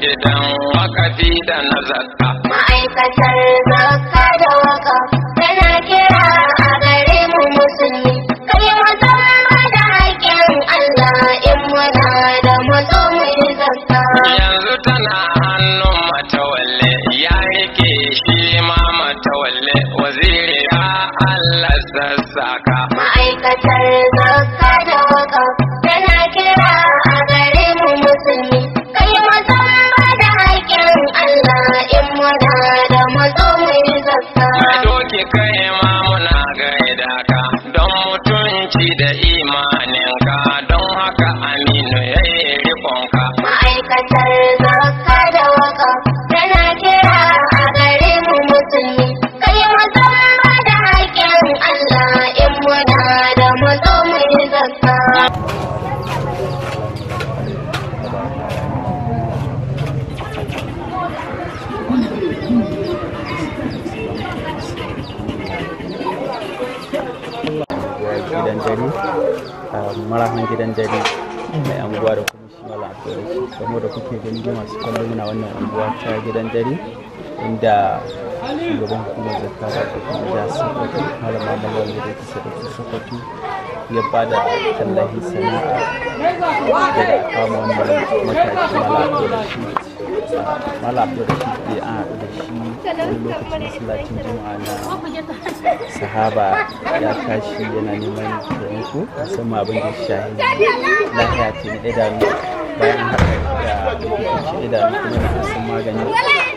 gidan wakafi da na Ma'aikatar zaka da waka tana kira a gare mu musulmi. Kai musamman da haƙƙin Allah in muna da matso mu zarta. Yanzu tana hannun matawalle ya rike shi ma matawalle waziri ba Allah sassaka. Ma'aikatar kai ma muna gaida ka don mutunci da imanin imaninka marahan gidan dare mai anguwa da kuma shi malam abdulrashid kamar da kuke gani da masu kallo na wannan anguwa ta gidan dare inda shugaban hukumar zakka da kuma da sokoto malama malam da ta sada su sokoto ya da tallahi sana'a da kama wannan matashi malam abdulrashid malam abdulrashid da an haɗu da wani lokacin masallacin juma'a na oh, sahaba ya tashi yana neman taimako musamman abin da shahi lafiya ce na idanu bayan haka da likitanci idanu kuma na san magani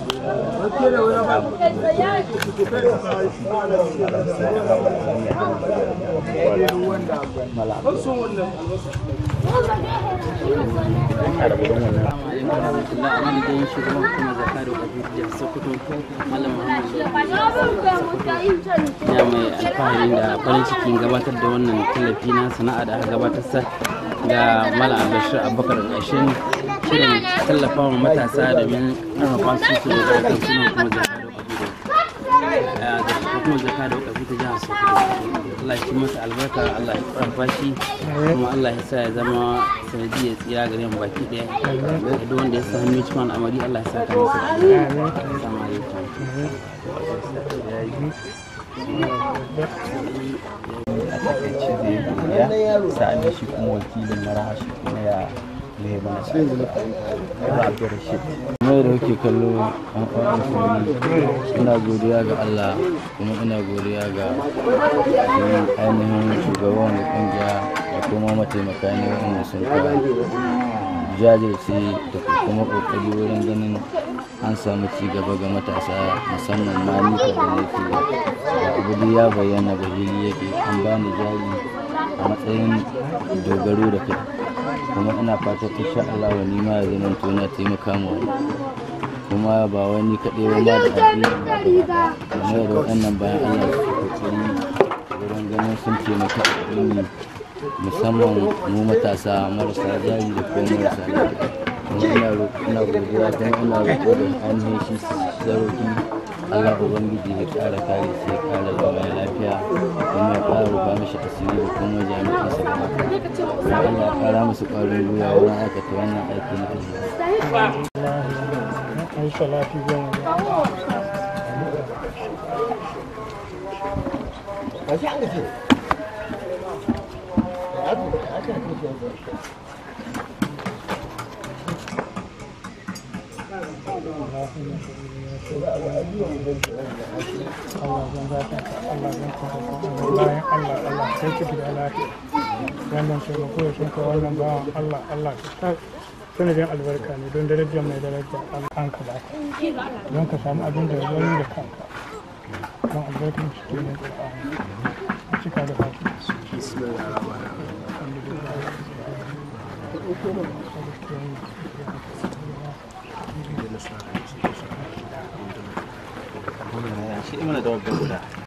ya mai alfaharin da farin cikin gabatar da wannan tallafi na sana'a da aka gabatar sa ga malam bashir abubakar ƙarshen shirin wa matasa domin ƙarfafa su su makarantar suna kuma da allah albarka allah ya karfa shi kuma ya sa ya zama ya tsira gare mu baki daya duk wanda ya sa hannu cikin al'amari allah ya sa ka masa a takaice da ya sa'ani shi kuma wakilin marahashi kuma ya ne ba mai da kuke kallo an fara ina godiya ga Allah kuma ina godiya ga ainihin shugaban da kungiya da kuma mataimaka ne wanda sun fara jajirce da kuma kokari wurin ganin an samu ci gaba ga matasa musamman ma ni ka da nake da abu ya bayyana ga yake an bani jari a matsayin dogaro da kai kuma ina fata sha Allah wani ma ya zama to na taimaka mu kuma ba wani kaɗai ba ma da addini ba kuma da waɗannan bayan Allah su kokari wurin ganin sun taimaka addini musamman mu matasa marasa zari da kuma marasa kuma ina godiya ta ina roƙo da ainihin shi sarauki Allah Ubangiji ya ƙara kare sai ƙara kara musu ƙwarin gwiwa wurin aikata wannan aiki na Allah zan zaka Allah zan zaka Allah Allah sai ki lafiya wannan taimako ya shinka wannan bawan Allah Allah ka sa sanadin albarka ne don darajar mai daraja an ka ba don ka samu abin da wani da kanka don albarkar shi ke nan a cika da fata shi mana da wabban guda